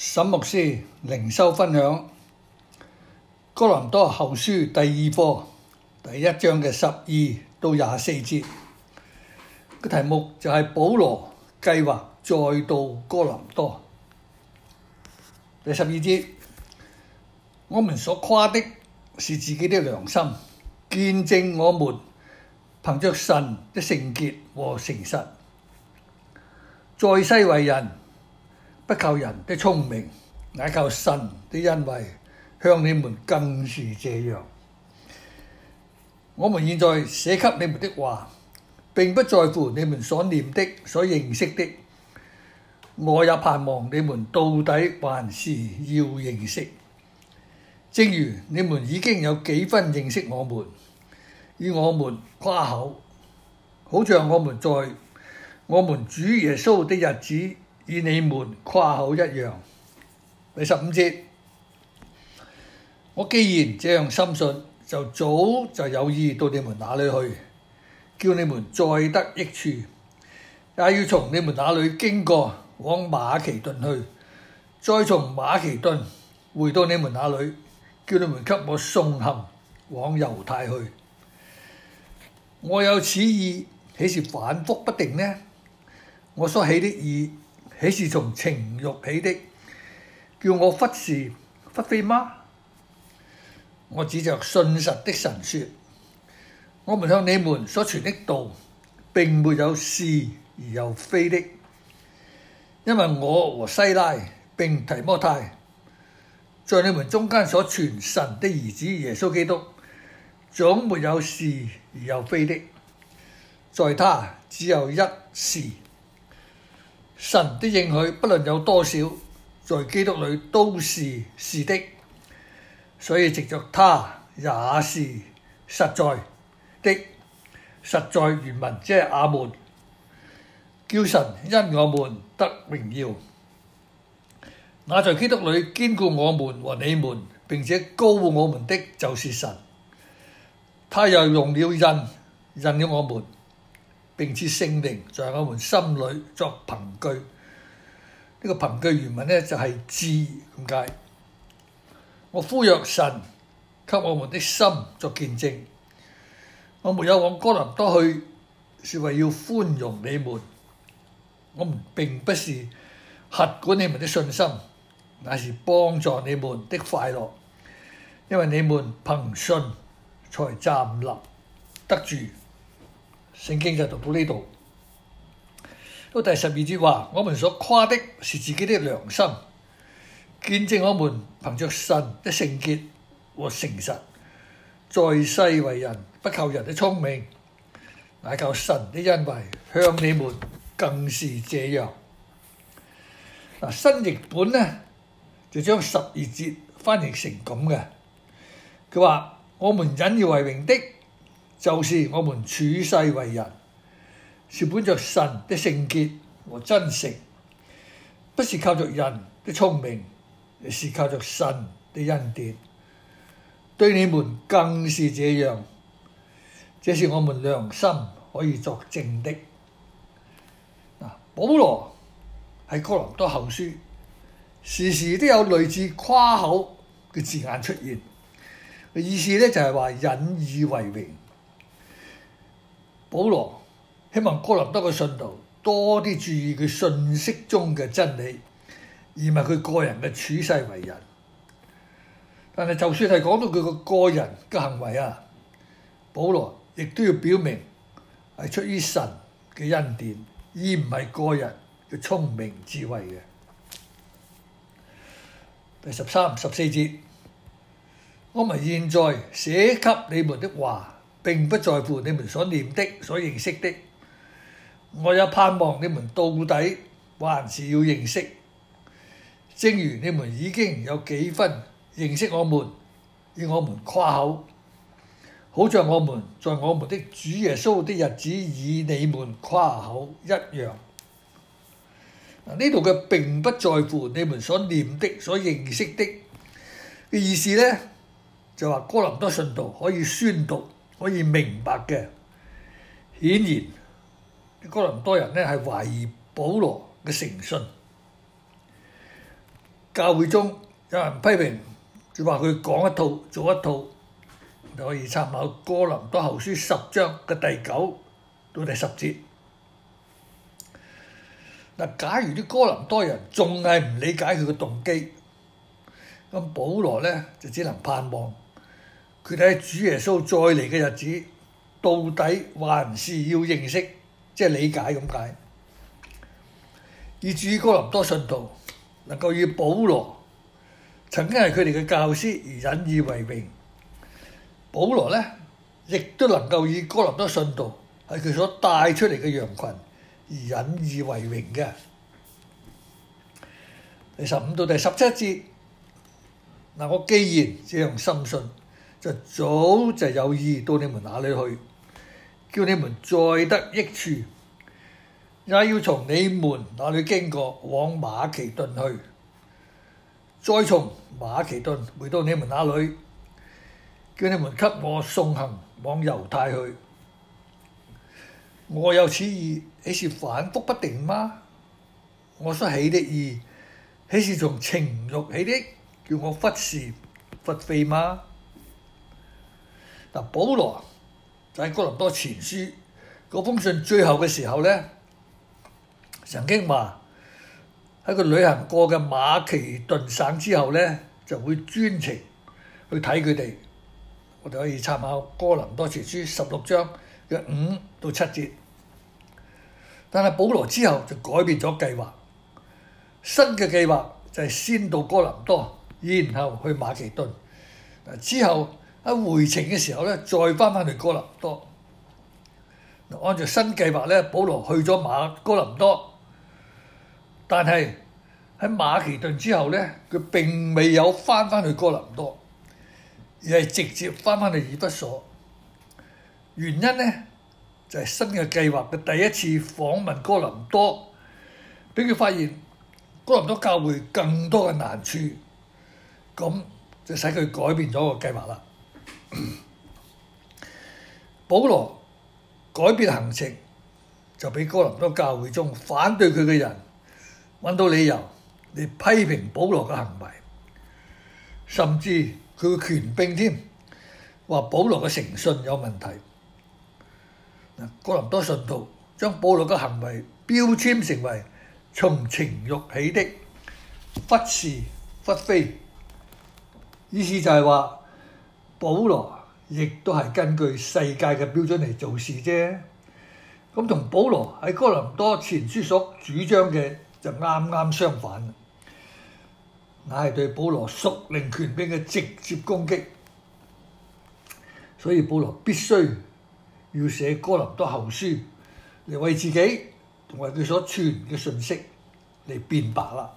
沈牧師靈修分享《哥林多後書》第二課第一章嘅十二到廿四節，個題目就係、是《保羅計劃再到哥林多》。第十二節，我們所誇的是自己的良心，見證我們憑着神的聖潔和誠實，在世為人。不靠人的聰明，乃靠神的恩惠。向你們更是這樣。我們現在寫給你們的話，並不在乎你們所念的、所認識的。我也盼望你們到底還是要認識，正如你們已經有幾分認識我們，以我們誇口，好像我們在我們主耶穌的日子。與你們誇口一樣，第十五節。我既然這樣深信，就早就有意到你們那裡去，叫你們再得益處，也要從你們那裡經過往馬其頓去，再從馬其頓回到你們那裡，叫你們給我送行往猶太去。我有此意，豈是反覆不定呢？我所起的意。豈是從情慾起的，叫我忽是忽非嗎？我指着信實的神説：我們向你們所傳的道並沒有是而又非的，因為我和西拉並提摩太在你們中間所傳神的兒子耶穌基督，總沒有是而又非的，在他只有一是。神的應許，不論有多少，在基督裏都是是的，所以藉著他，也是實在的，實在原文即係阿們。叫神因我們得榮耀，那在基督裏堅固我們和你們，並且高護我們的，就是神。他又用了印，印了我們。並且聖靈在我們心裏作憑據。呢個憑據原文呢，就係志，點解？我呼籲神給我們的心作見證。我沒有往哥林多去，是為要寬容你們。我唔並不是轄管你們的信心，乃是幫助你們的快樂，因為你們憑信才站立得住。聖經就讀到呢度，到第十二節話：我們所誇的是自己的良心，見證我們憑着神的聖潔和誠實，在世為人，不靠人的聰明，乃靠神的恩惠。向你們更是這樣。新譯本呢，就將十二節翻譯成咁嘅，佢話：我們引以為榮的。就是我們處世為人是本着神的聖潔和真誠，不是靠着人的聰明，而是靠着神的恩典。對你們更是這樣，這是我們良心可以作證的。嗱，保羅喺《哥林多後書》時時都有類似誇口嘅字眼出現，意思咧就係話引以為榮。保羅希望哥林多嘅信徒多啲注意佢信息中嘅真理，而唔係佢個人嘅處世為人。但係就算係講到佢個個人嘅行為啊，保羅亦都要表明係出於神嘅恩典，而唔係個人嘅聰明智慧嘅。第十三、十四節，我們現在寫給你們的話。並不在乎你們所念的、所認識的。我也盼望你們到底還是要認識。正如你們已經有幾分認識我們，與我們誇口，好像我們在我們的主耶穌的日子與你們誇口一樣。呢度嘅並不在乎你們所念的、所認識的嘅意思呢，就話哥林多信徒可以宣讀。可以明白嘅，顯然哥林多人呢係懷疑保羅嘅誠信，教會中有人批評佢話佢講一套做一套，就可以參考哥林多後書十章嘅第九到第十節。嗱，假如啲哥林多人仲係唔理解佢嘅動機，咁保羅呢就只能盼望。佢哋喺主耶穌再嚟嘅日子，到底還是要認識，即係理解咁解。以至於哥林多信徒能夠以保羅曾經係佢哋嘅教師而引以為榮，保羅呢亦都能夠以哥林多信徒係佢所帶出嚟嘅羊群而引以為榮嘅。第十五到第十七節，嗱，我既然這樣深信。早就有意到你們那裏去，叫你們再得益處，也要從你們那裏經過往馬其頓去，再從馬其頓回到你們那裏，叫你們給我送行往猶太去。我有此意，豈是反覆不定嗎？我所起的意，豈是從情欲起的，叫我忽是忽非嗎？保羅就喺哥林多前書嗰封信最後嘅時候咧，曾經話喺佢旅行過嘅馬其頓省之後咧，就會專程去睇佢哋。我哋可以參考哥林多前書十六章嘅五到七節。但係保羅之後就改變咗計劃，新嘅計劃就係先到哥林多，然後去馬其頓。之後。喺回程嘅時候咧，再翻返去哥林多。按照新計劃咧，保羅去咗馬哥林多，但係喺馬其頓之後咧，佢並未有翻返去哥林多，而係直接翻返去以弗所。原因咧就係新嘅計劃嘅第一次訪問哥林多，俾佢發現哥林多教會更多嘅難處，咁就使佢改變咗個計劃啦。 保羅改變行程，就俾哥林多教會中反對佢嘅人揾到理由嚟批評保羅嘅行為，甚至佢嘅權柄添，話保羅嘅誠信有問題。哥林多信徒將保羅嘅行為標籤成為從情欲起的，忽是忽非，意思就係話。保羅亦都係根據世界嘅標準嚟做事啫，咁同保羅喺哥林多前書所主張嘅就啱啱相反，乃係對保羅屬靈權柄嘅直接攻擊，所以保羅必須要寫哥林多後書嚟為自己同埋佢所傳嘅信息嚟辯白啦。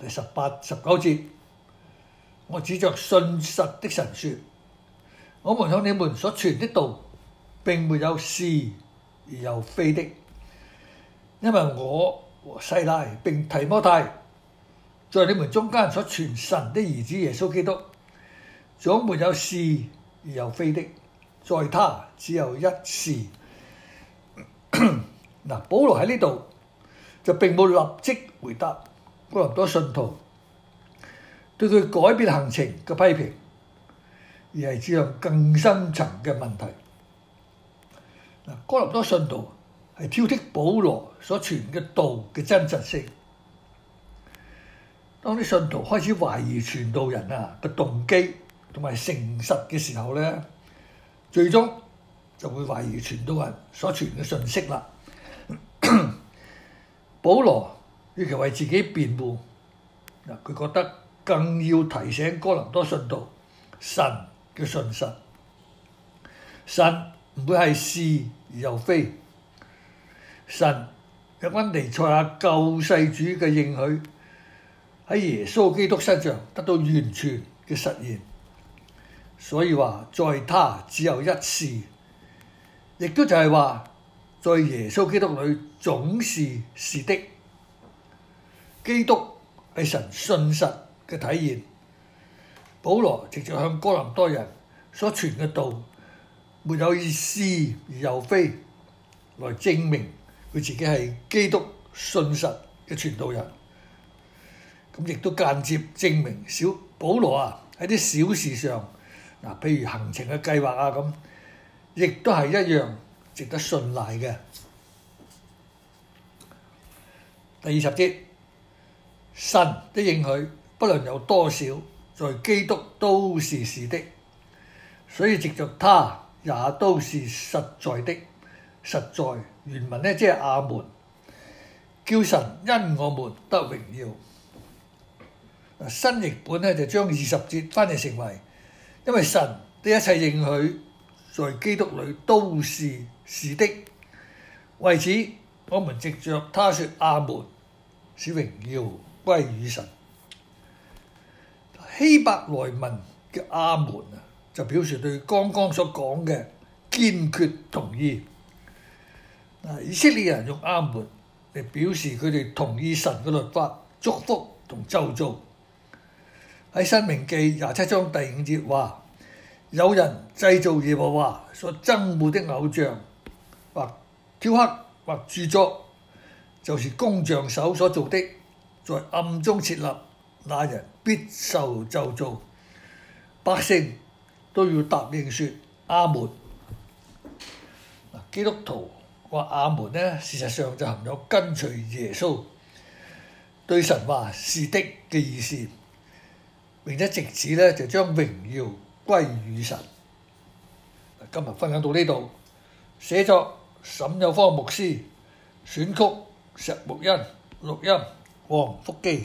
第十八、十九節。我指着信實的神説：我們向你們所傳的道並沒有是而又非的，因為我和西拉並提摩太在你們中間所傳神的兒子耶穌基督，總沒有是而又非的，在他只有一是。嗱，保羅喺呢度就並冇立即回答哥林多信徒。對佢改變行程嘅批評，而係指向更深層嘅問題。嗱，哥林多信徒係挑剔保羅所傳嘅道嘅真實性。當啲信徒開始懷疑傳道人啊嘅動機同埋誠實嘅時候咧，最終就會懷疑傳道人所傳嘅信息啦。 保羅與其為自己辯護，嗱佢覺得。更要提醒哥林多信徒，神嘅信實，神唔會係是，是而又非。神有彌賽亞救世主嘅應許，喺耶穌基督身上得到完全嘅實現。所以話，在他只有一是，也就是，亦都就係話，在耶穌基督裏，總是是的。基督係神信實嘅體現，保羅直接向哥林多人所傳嘅道沒有意思，而又非，來證明佢自己係基督信實嘅傳道人。咁亦都間接證明保羅啊，喺啲小事上，嗱，譬如行程嘅計劃啊咁，亦都係一樣值得信賴嘅。第二十節，神嘅應許。不論有多少，在基督都是是的，所以藉着他也都是實在的。實在原文呢，即係阿門，叫神因我們得榮耀。新譯本呢，就將二十節翻譯成為，因為神的一切應許在基督裏都是是的，為此我們藉着他說阿門，使榮耀歸於神。希伯來文嘅阿門就表示對剛剛所講嘅堅決同意。以色列人用阿門嚟表示佢哋同意神嘅律法、祝福同咒詛。喺申命記廿七章第五節話：有人製造耶和華所憎惡的偶像，或雕刻，或著作，就是工匠手所做的，在暗中設立。那人必受咒詛，百姓都要答應。說阿門。基督徒話阿門呢，事實上就含有跟隨耶穌對神話是的嘅意思，並且直指呢，就將榮耀歸於神。今日分享到呢度，寫作沈有芳牧師，選曲石木欣，錄音黃福基。